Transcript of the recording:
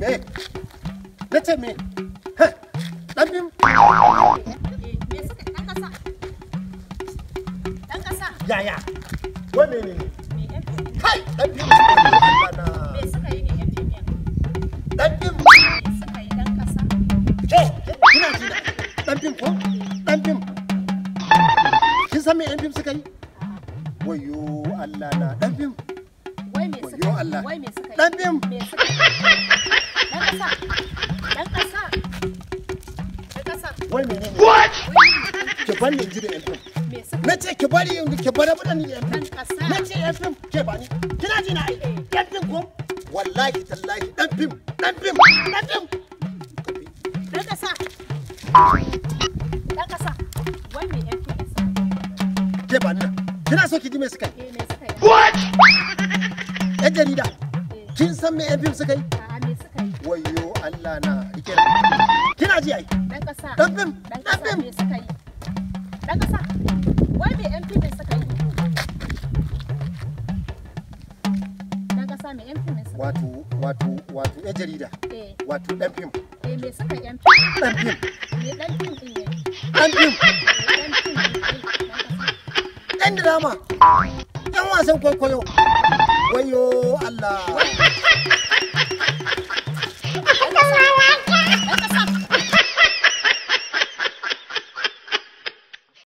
me na ce me dan bim dan kasa yaya wai me ne kai dan bim me suka yi ne dan bim suka yi dan kasa ke kina ji dan bim ko dan bim kin san me yan bim suka yi wayo Allah na dan bim wai me suka yi wai me suka yi dan bim ƙasa. Ɗan ƙasa. Ɗan ƙasa. Wai mene ne? What? Ki bari yanzu da FM. Na ce ki bari yanzu ki bari mana ni Na ce FM ke ba Kina ji na ai. Ɗan eh. fim ko? Wallahi tallahi ɗan fim. Ɗan fim. Ɗan fim. Ɗan ƙasa. Ɗan ƙasa. Wai me Ke ba na. Kina so ki ji me suka yi? Eh, What? Yan jarida. Eh. Kin san me FM suka yi? wayo Allah na rike kina ji ai dan kasa dan dan dan me suka yi dan kasa wai me MP me suka yi dan kasa me MP me suka wato wato wato ya jarida eh wato dan fim eh me suka yi MP dan fim me dan fim din ne dan fim dan drama yan wasan kwaikwayo wayo Allah